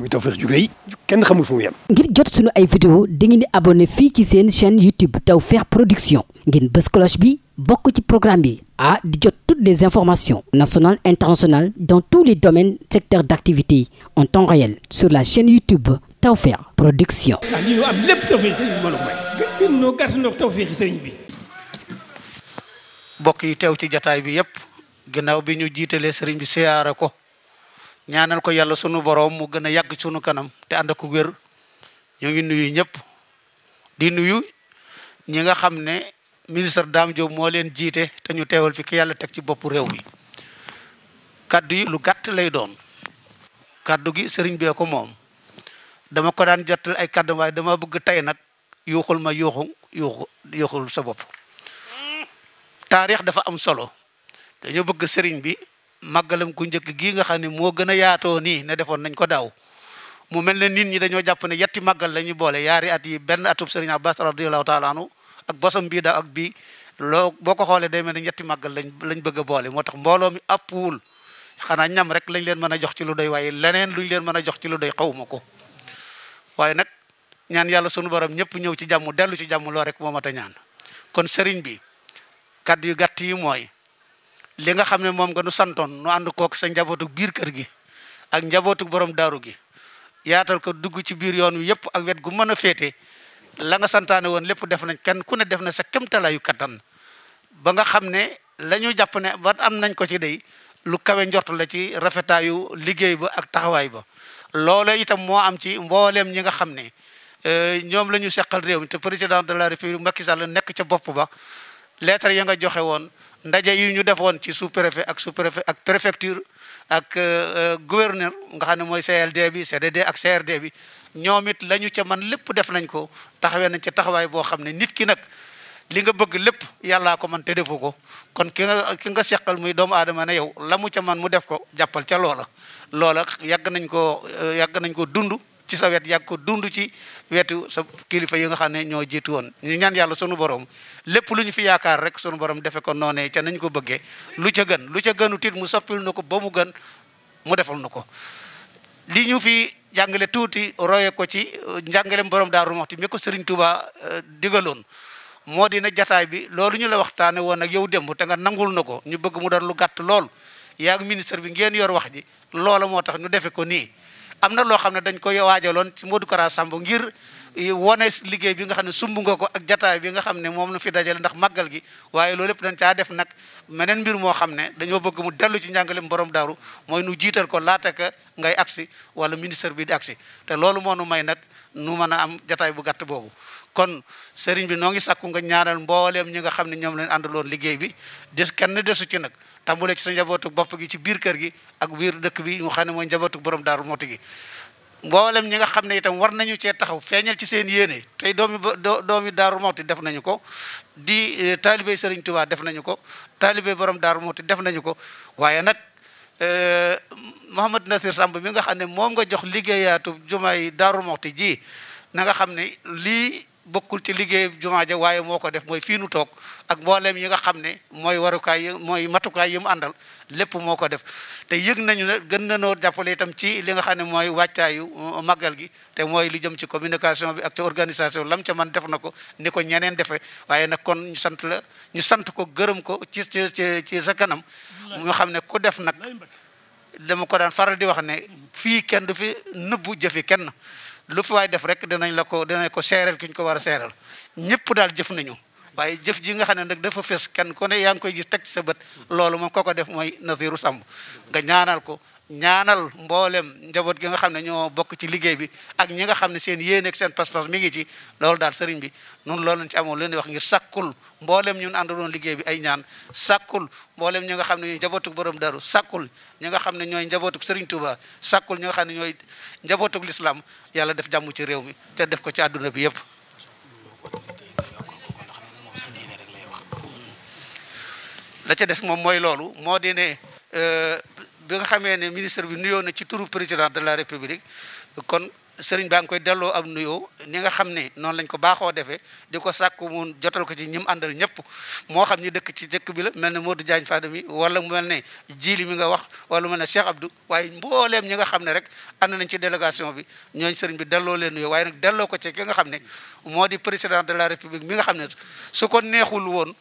muy Tawfekh ju kenn xamul fu mu ngir jot sunu ay vidéo dangeen di abonné fii ci seen chaîne YouTube Tawfekh Production ngeen bës cloche bi bokk ci programme bi a di jot toutes les informations nationales internationales dans tous les domaines secteurs d'activité en temps réel sur la chaîne YouTube Tawfekh Production. ah lii ñu am lépp Tawfekh sëriñ sëriñ bi. mbokk yi teew ci jataay bi yépp ginnaaw bi ñu jiitalee sëriñ bi siyaara ko. ñaanal ko yàlla sunu boroom mu gën a yàgg sunu kanam te ànd ak wér ñoo ngi nuyu ñëpp di nuyu ñi nga xam ne ministre Dame Diop moo leen jiite te ñu teewal fi ki yàlla teg ci boppu réew mi kaddu yi lu gàtt lay doon kaddu gi sëriñ bee ko moom dama ko daan jottal ay kaddu waaye dama bëgg tey nag yuuxul ma yuuxu yuuxu yuuxul sa bopp taarix dafa am solo dañoo bëgg sëriñ bi màggalam ku njëkk gii nga xam ne moo gën a yaatoo nii ne defoon nañ ko daaw mu mel ne nit ñi dañoo jàpp ne yetti màggal la ñuy boole yaari at yi benn atub Serigne Abbas radiyallahu taala anhu ak bosam bii daaw bii loo boo ko xoolee mel ne ñetti màggal lañ lañ bëgg boole moo tax mbooloo mi àppwul xanaa ñam rek lañ leen mën a jox ci lu doy leneen luñ leen mën a jox ci lu xawma ko waaye nag ñaan yàlla sunu borom ñëpp ñëw ci jàmm dellu ci jàmm rek moo mat a ñaan kon sëriñ bi kàddu yu gàtt yi mooy li nga xam ne moom nga nu santoon nu ànd kook sa njabootu biir kër gi ak njabootu boroom daaru gi yaatal ko dugg ci biir yoon wi yëpp ak wet gu mën a féete la nga santaane woon lépp def nañ kenn ku ne def na sa kemtalaayu kattan ba nga xam ne lañu jàpp ne ba am nañ ko ci day lu kawe njortu la ci rafetaayu liggéey ba ak taxawaay ba loole itam moo am ci mbooleem ñi nga xam ne euh, ñoom la seqal réew mi te président de la république Macky Sall nekk ca bopp ba ya nga joxe woon ndaje yi ñu defoon ci sous préfet ak sous préfet ak préfecture ak euh, euh, gouverneur nga xam ne mooy CLD bi CDD ak CRD bi ñoom it la ca man lépp def nañ ko taxawee nañ ca taxawaay boo xam ne nit ki nag li nga bëgg lépp yàllaa ko man te defu ko kon ki nga ki nga seqal muy doomu aadama ne yow la mu ca man mu def ko jàppal ca loola loola yàgg nañ ko euh, yàgg nañ ko dund ci sa wet yàgg ko dund ci wetu sa kilifa yi nga xam ne ñoo jiitu woon ñu ñaan yàlla sunu borom lépp lu ñu fi yaakaar rek sunu borom defe ko noonee ca nañ ko bëggee lu ca gën lu ca gënu tit mu soppil na ko ba mu gën mu defal na ko li ñu fi jàngale tuuti royee ko ci uh, njàngalem borom Daaru Muxti mi ko Sëriñ Tuuba uh, digaloon moo dina jataay bi loolu ñu la waxtaane woon ak yow démb te nga nangul na ko ñu bëgg mu doon lu gàtt lool yaa ak ministre bi ngeen yor wax ji loola moo tax ñu defe ko nii am na loo xam ne dañ koy waajaloon ci Modou Kara Samb ngir eh, wane liggéey bi nga xam ne sumb nga ko ak jataay bi nga xam ne moom nu fi dajale ndax màggal gi waaye loolu yëpp dañ caa def nag meneen mbir moo xam ne dañoo bëgg mu dellu ci njàngaleem borom daaru mooy nu jiital ko laata ka ngay agsi wala ministère bi di agsi te loolu moo nu may nag nu mën a am jataay bu gàtt boobu kon sëriñ bi noo ngi sakku nga ñaanal mbooleem ñi nga xam ne ñoom lañ àndaloon liggéey bi des kenn desu ci nag tàmbalee ci sa njabootu bopp gi ci biir kër gi ak biir dëkk bi ñu xam ne mooy njabootu borom daaru moti gi mboolem ñi nga xam ne itam war nañu cee taxaw feeñal ci seen yéene tey doomi doomi daaru moti def nañu ko di eh, taalibey Sëriñ tiwaa def nañu ko taalibey borom daaru moti def nañu ko waaye nag eh, Mouhamad Nasir Samb mi nga xam ne moom nga jox liggéeyaatu jumaay daaru moti ji nanga xam ne lii bokkul ci liggéey jumaa ja waaye moo ko def mooy fii nu toog ak mbooleem yi nga xam ne mooy warukaay yi mooy matukaay yi mu àndal lépp moo ko def te yëg nañu ne gën na noo jàppale itam ci li nga xam ne mooy wàccaayu uh, màggal gi te mooy li jëm ci communication bi ak ci organisation lam ca man def na ko ni ko ñeneen defee waaye nag kon ñu sant la ñu sant ko gërëm ko ci ci ci sa xam ne ku def nag dama ko daan faral di wax ne fii kenn du fi nëbbu jëfi kenn lu fi waay def rek dinañ la ko dinañ ko seereel ki ñu ko war a seeral ñëpp daal jëf nañu waaye jëf ji nga xam ne nag dafa fees kenn ku ne yaa ngi koy gis teg sa bët loolu moom ko ko def mooy Nazirou Samb nga ñaanal ko ñaanal mboolem njaboot gi nga xam ne ñoo bokk ci liggéey bi ak ñi nga xam ne seen yéene ak seen pas-pas mi ngi ci loolu daal sëriñ bi noonu loolu lañ ci amoon leen di wax ngir sàkkul mboolem ñun àndaloon liggéey bi ay ñaan sàkkul mboolem ñi nga xam ne ñooy njabootuk borom daru sàkkul ñu nga xam ne ñooy njabootuk sëriñ Touba sàkkul ñi nga xam ne ñooy njabootuk l'islam yàlla def jàmm ci réew mi te def ko ci àdduna bi yëpp la ca des moom mooy loolu moo di euh, bi nga xamee ne ministre bi nuyoo na ci turu président de la république kon sëriñ baa ngi koy delloo am nuyoo ni nga xam ne noonu lañ ko baaxoo defee di ko sàkku mu jotal ko ci ñim àndal ñëpp moo xam ñu dëkk ci dëkk bi la mel ne Modou Diagne Fada mi wala mel ne Jili mi nga wax wala mu mel ne Cheikh Abdou waaye mbooleem ñi nga xam ne rek ànd nañ ci délégation bi ñooñ sëriñ bi delloo leen nuyoo waaye nag delloo ko ci ki nga xam ne moo di président de la république mi nga xam ne su ko neexul woon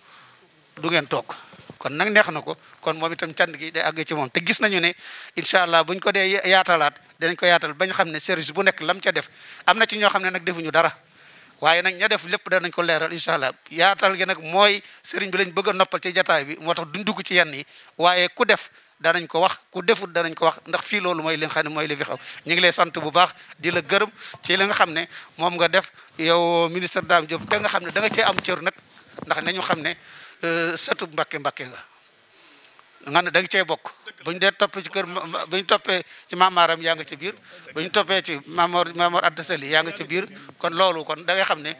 du ngeen toog kon nag neex na ko kon moom itam cant gi day àgg ci moom te gis nañu ne incha allah buñ ko dee yaatalaat dinañ ko yaatal bañ xam ne service bu nekk lam ca def am na ci ñoo xam ne nag defuñu dara waaye nag ña def lépp danañ ko leeral incha allah yaatal gi nag mooy sëriñ bi lañ bëgg a noppal ci jataay bi moo tax duñ dugg ci yenn yi waaye ku def danañ ko wax ku defut danañ ko wax ndax fii loolu mooy li nga ne mooy li fi ñu ngi lay sant bu baax di la gërëm ci li nga xam ne moom nga def yow ministre Dame Diop te nga xam ne da cee am cër nag ndax nañu xam ne Eh, satu Mbàkke Mbàkke la nga ne da nga cee bokk bu ñu dee topp ci kër bu ñu toppee ci maamaaram yaa nga ca biir bu ñu toppee ci maamoor maamoor Anta Sali yaa nga ca biir kon loolu kon da ngay xam ne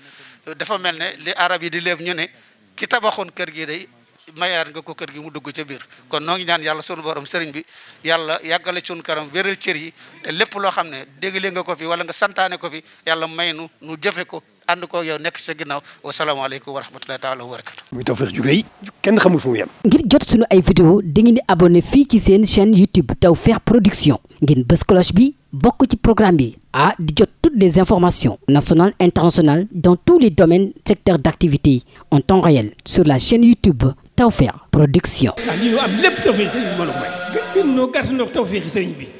eh, dafa mel ne li arab yi di léeb ñu ne ki tabaxoon kër gi day mayaar nga ko kër gi mu dugg ca biir kon noo ngi ñaan yàlla sunu borom sëriñ bi yàlla yàggale sunu karam wéral cër yi te lépp loo xam ne dégle nga ko fi wala nga santaane ko fi yàlla may nu nu jëfe ko ànd ko yow nekk ci sa ginnaaw wasalaamaaleykum wa rahmatullahi taala wa barakatu muy tawfeex ju kenn xamul fu mu ngir jot suñu ay vidéo di di abonné fii ci seen chaîne YouTube Tawfekh Production ngeen bës bi bokk ci programme bi ah di jot toutes les informations nationales internationales dans tous les domaines secteurs d'activité en temps réel sur la chaîne YouTube Tawfekh Production. ah